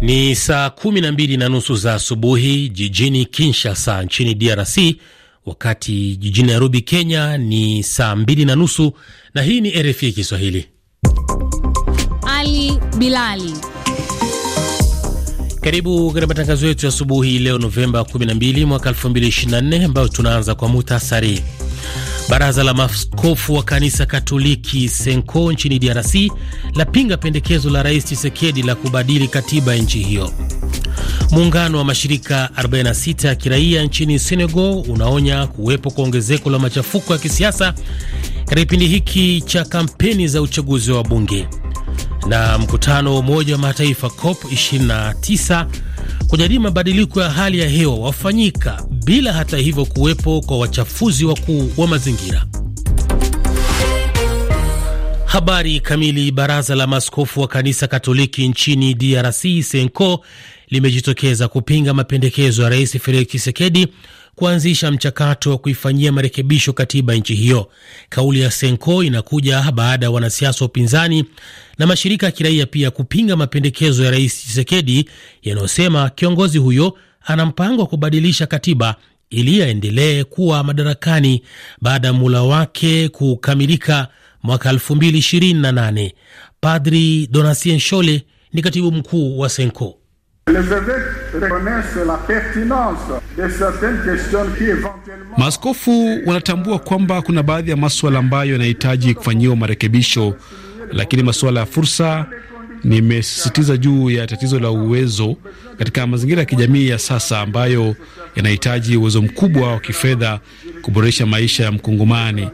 Ni saa kumi na mbili na nusu za asubuhi jijini Kinshasa nchini DRC, wakati jijini Nairobi Kenya ni saa mbili na nusu na hii ni RFI Kiswahili. Ali Bilali, karibu katika matangazo yetu ya asubuhi leo Novemba 12 mwaka 2024, ambayo tunaanza kwa muhtasari Baraza la maskofu wa kanisa Katoliki Senko nchini DRC lapinga pendekezo la Rais chisekedi la kubadili katiba ya nchi hiyo. Muungano wa mashirika 46 ya kiraia nchini Senegal unaonya kuwepo kwa ongezeko la machafuko ya kisiasa katika kipindi hiki cha kampeni za uchaguzi wa bunge. Na mkutano wa Umoja wa Mataifa COP 29 kujadili mabadiliko ya hali ya hewa wafanyika bila hata hivyo kuwepo kwa wachafuzi wakuu wa mazingira. Habari kamili. Baraza la maaskofu wa kanisa Katoliki nchini DRC, SENCO, limejitokeza kupinga mapendekezo ya Rais Felix Tshisekedi kuanzisha mchakato wa kuifanyia marekebisho katiba nchi hiyo. Kauli ya Senko inakuja baada ya wanasiasa wa upinzani na mashirika ya kiraia pia kupinga mapendekezo ya Rais chisekedi yanayosema kiongozi huyo ana mpango wa kubadilisha katiba ili aendelee kuwa madarakani baada ya muhula wake kukamilika mwaka 2028. Padri Donatien Shole ni katibu mkuu wa Senko. Maaskofu wanatambua kwamba kuna baadhi ya maswala ambayo yanahitaji kufanyiwa marekebisho, lakini masuala ya fursa, nimesisitiza juu ya tatizo la uwezo katika mazingira ya kijamii ya sasa ambayo yanahitaji uwezo mkubwa wa kifedha kuboresha maisha ya Mkongomani,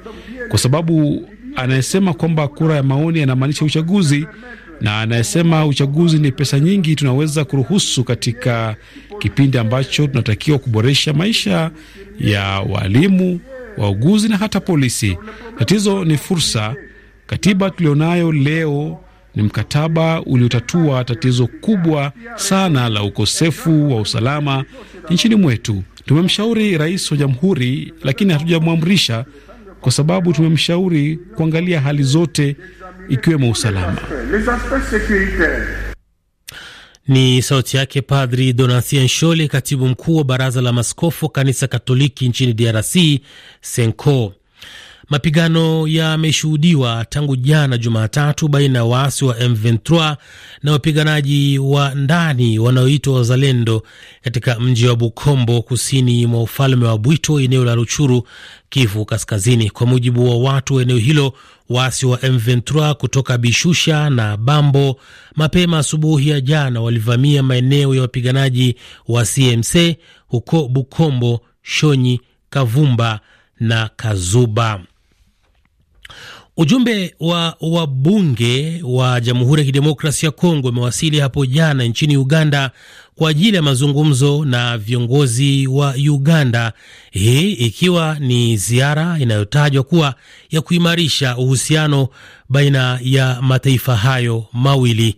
kwa sababu anayesema kwamba kura ya maoni yanamaanisha uchaguzi na anayesema uchaguzi ni pesa nyingi tunaweza kuruhusu katika kipindi ambacho tunatakiwa kuboresha maisha ya walimu, wauguzi na hata polisi. Tatizo ni fursa. Katiba tulionayo leo ni mkataba uliotatua tatizo kubwa sana la ukosefu wa usalama nchini mwetu. Tumemshauri rais wa jamhuri, lakini hatujamwamrisha, kwa sababu tumemshauri kuangalia hali zote ikiwemo usalama. Ni sauti yake Padri Donatien Shole, katibu mkuu wa baraza la maskofu kanisa Katoliki nchini DRC, senco Mapigano yameshuhudiwa tangu jana Jumatatu baina ya waasi wa M23 na wapiganaji wa ndani wanaoitwa Wazalendo katika mji wa Bukombo, kusini mwa ufalme wa Bwito, eneo la Ruchuru, Kivu Kaskazini. Kwa mujibu wa watu wa eneo hilo, Waasi wa M23 kutoka Bishusha na Bambo mapema asubuhi ya jana walivamia maeneo ya wapiganaji wa CMC huko Bukombo, Shonyi, Kavumba na Kazuba. Ujumbe wa wabunge wa Jamhuri ya Kidemokrasia ya Kongo umewasili hapo jana nchini Uganda kwa ajili ya mazungumzo na viongozi wa Uganda, hii ikiwa ni ziara inayotajwa kuwa ya kuimarisha uhusiano baina ya mataifa hayo mawili.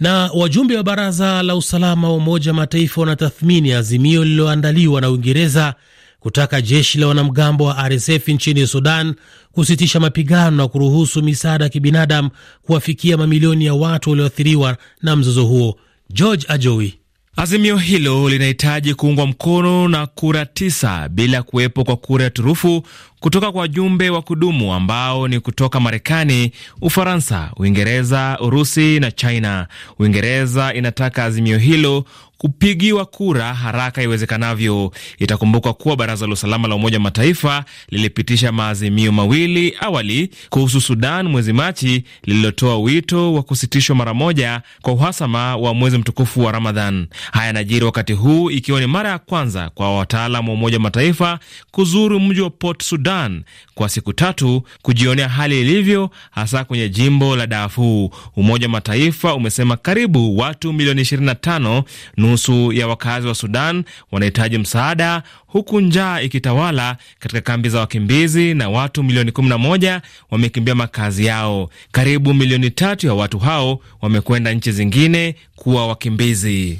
Na wajumbe wa Baraza la Usalama wa Umoja wa Mataifa wanatathmini azimio lililoandaliwa na Uingereza kutaka jeshi la wanamgambo wa RSF nchini Sudan kusitisha mapigano na kuruhusu misaada ya kibinadamu kuwafikia mamilioni ya watu walioathiriwa na mzozo huo. George Ajowi. Azimio hilo linahitaji kuungwa mkono na kura tisa bila kuwepo kwa kura ya turufu kutoka kwa wajumbe wa kudumu ambao ni kutoka Marekani, Ufaransa, Uingereza, Urusi na China. Uingereza inataka azimio hilo kupigiwa kura haraka iwezekanavyo. Itakumbukwa kuwa baraza la usalama la Umoja wa Mataifa lilipitisha maazimio mawili awali kuhusu Sudan mwezi Machi, lililotoa wito wa kusitishwa mara moja kwa uhasama wa mwezi mtukufu wa Ramadhan. Haya yanajiri wakati huu ikiwa ni mara ya kwanza kwa wataalam wa Umoja wa Mataifa kuzuru mji wa Port Sudan Sudan kwa siku tatu kujionea hali ilivyo, hasa kwenye jimbo la Darfur. Umoja wa Mataifa umesema karibu watu milioni 25, nusu ya wakazi wa Sudan, wanahitaji msaada huku njaa ikitawala katika kambi za wakimbizi na watu milioni 11 wamekimbia makazi yao. Karibu milioni tatu ya watu hao wamekwenda nchi zingine kuwa wakimbizi.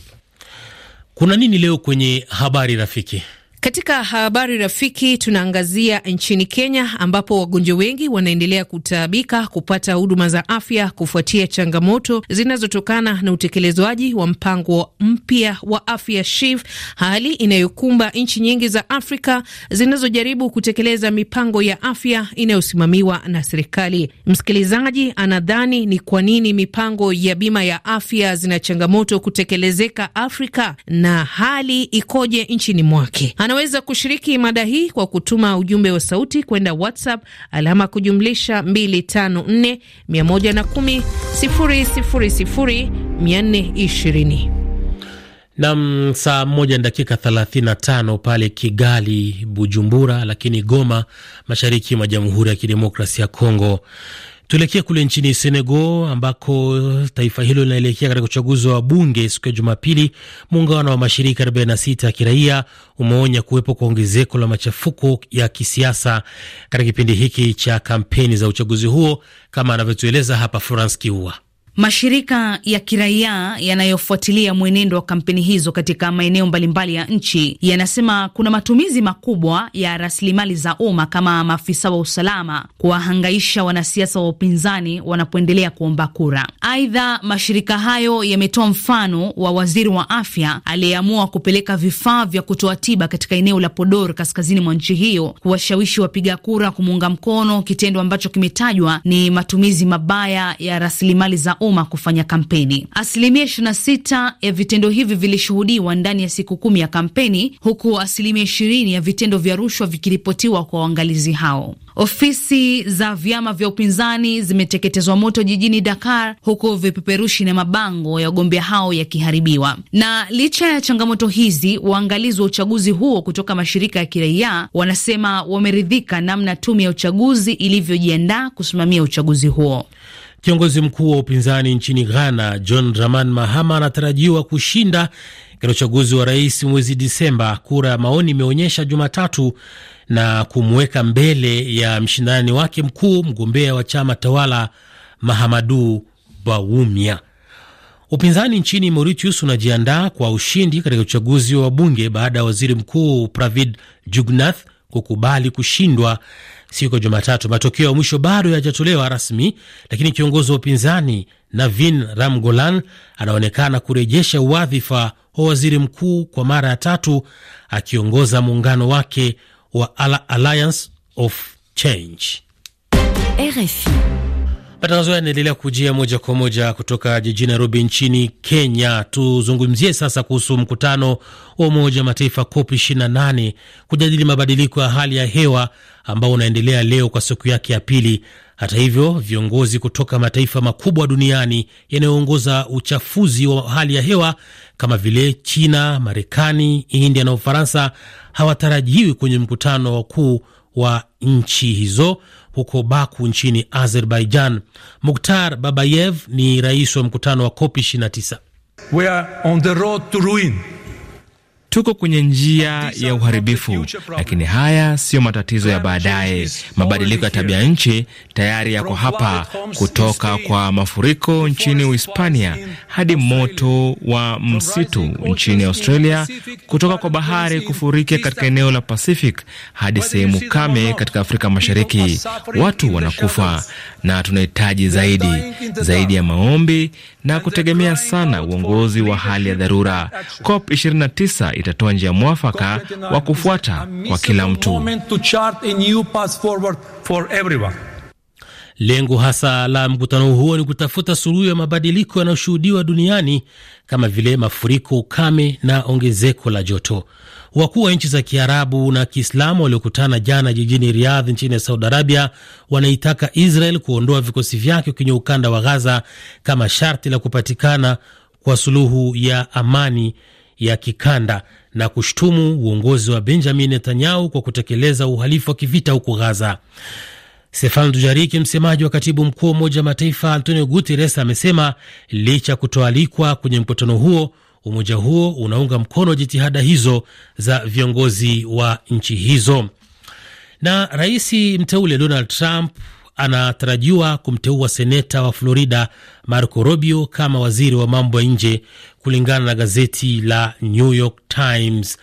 Kuna nini leo kwenye habari rafiki? Katika habari rafiki, tunaangazia nchini Kenya ambapo wagonjwa wengi wanaendelea kutaabika kupata huduma za afya kufuatia changamoto zinazotokana na utekelezwaji wa mpango mpya wa afya SHIF, hali inayokumba nchi nyingi za Afrika zinazojaribu kutekeleza mipango ya afya inayosimamiwa na serikali. Msikilizaji anadhani ni kwa nini mipango ya bima ya afya zina changamoto kutekelezeka Afrika na hali ikoje nchini mwake? Anaweza kushiriki mada hii kwa kutuma ujumbe wa sauti kwenda WhatsApp alama kujumlisha 254 110 000 420. Nam, saa moja na dakika 35 pale Kigali, Bujumbura, lakini Goma, mashariki mwa Jamhuri ya Kidemokrasia ya Kongo Tuelekee kule nchini Senegal ambako taifa hilo linaelekea katika uchaguzi wa bunge siku ya Jumapili. Muungano wa mashirika 46 ya kiraia umeonya kuwepo kwa ongezeko la machafuko ya kisiasa katika kipindi hiki cha kampeni za uchaguzi huo, kama anavyotueleza hapa Florence Kiua. Mashirika ya kiraia yanayofuatilia mwenendo wa kampeni hizo katika maeneo mbalimbali ya nchi yanasema kuna matumizi makubwa ya rasilimali za umma kama maafisa wa usalama kuwahangaisha wanasiasa wa upinzani wanapoendelea kuomba kura. Aidha, mashirika hayo yametoa mfano wa waziri wa afya aliyeamua kupeleka vifaa vya kutoa tiba katika eneo la Podor kaskazini mwa nchi hiyo kuwashawishi wapiga kura kumuunga mkono, kitendo ambacho kimetajwa ni matumizi mabaya ya rasilimali za umma umma kufanya kampeni. Asilimia sita ya vitendo hivi vilishuhudiwa ndani ya siku kumi ya kampeni, huku asilimia ishirini ya vitendo vya rushwa vikiripotiwa kwa waangalizi hao. Ofisi za vyama vya upinzani zimeteketezwa moto jijini Dakar, huku vipeperushi na mabango ya wagombea hao yakiharibiwa. Na licha ya changamoto hizi, waangalizi wa uchaguzi huo kutoka mashirika ya kiraia wanasema wameridhika namna tume ya uchaguzi ilivyojiandaa kusimamia uchaguzi huo. Kiongozi mkuu wa upinzani nchini Ghana, John Dramani Mahama, anatarajiwa kushinda katika uchaguzi wa rais mwezi Disemba, kura ya maoni imeonyesha Jumatatu, na kumweka mbele ya mshindani wake mkuu, mgombea wa chama tawala Mahamadu Bawumia. Upinzani nchini Mauritius unajiandaa kwa ushindi katika uchaguzi wa bunge baada ya waziri mkuu Pravid Jugnauth kukubali kushindwa siku ya Jumatatu. Matokeo ya mwisho bado yajatolewa rasmi, lakini kiongozi wa upinzani Navin Ramgolan anaonekana kurejesha wadhifa wa waziri mkuu kwa mara ya tatu, akiongoza muungano wake wa Alliance of Change. RFI. Matangazo haya yanaendelea kujia moja kwa moja kutoka jijini Nairobi nchini Kenya. Tuzungumzie sasa kuhusu mkutano wa Umoja wa Mataifa COP 28 kujadili mabadiliko ya hali ya hewa ambao unaendelea leo kwa siku yake ya pili. Hata hivyo, viongozi kutoka mataifa makubwa duniani yanayoongoza uchafuzi wa hali ya hewa kama vile China, Marekani, India na Ufaransa hawatarajiwi kwenye mkutano wakuu wa nchi hizo huko Baku nchini Azerbaijan. Mukhtar Babayev ni rais wa mkutano wa COP 29. Tuko kwenye njia ya uh, uharibifu, lakini haya siyo matatizo ya baadaye. Mabadiliko ya tabia nchi tayari yako hapa, kutoka kwa mafuriko nchini Uhispania hadi moto wa msitu nchini Australia, kutoka kwa bahari kufurika katika eneo la Pacific hadi sehemu kame katika Afrika Mashariki. Watu wanakufa na tunahitaji zaidi zaidi ya maombi na kutegemea sana uongozi wa hali ya dharura. COP 29 itatoa njia mwafaka wa kufuata kwa kila mtu. Lengo hasa la mkutano huo ni kutafuta suluhu ya mabadiliko yanayoshuhudiwa duniani kama vile mafuriko, ukame na ongezeko la joto. Wakuu wa nchi za Kiarabu na Kiislamu waliokutana jana jijini Riyadh nchini Saudi Arabia wanaitaka Israel kuondoa vikosi vyake kwenye ukanda wa Gaza kama sharti la kupatikana kwa suluhu ya amani ya kikanda na kushtumu uongozi wa Benjamin Netanyahu kwa kutekeleza uhalifu wa kivita huko Gaza. Stefano Dujariki, msemaji wa katibu mkuu wa Umoja wa Mataifa Antonio Guterres, amesema licha ya kutoalikwa kwenye mkutano huo, umoja huo unaunga mkono jitihada hizo za viongozi wa nchi hizo. Na rais mteule Donald Trump anatarajiwa kumteua seneta wa Florida Marco Rubio kama waziri wa mambo ya nje kulingana na gazeti la New York Times.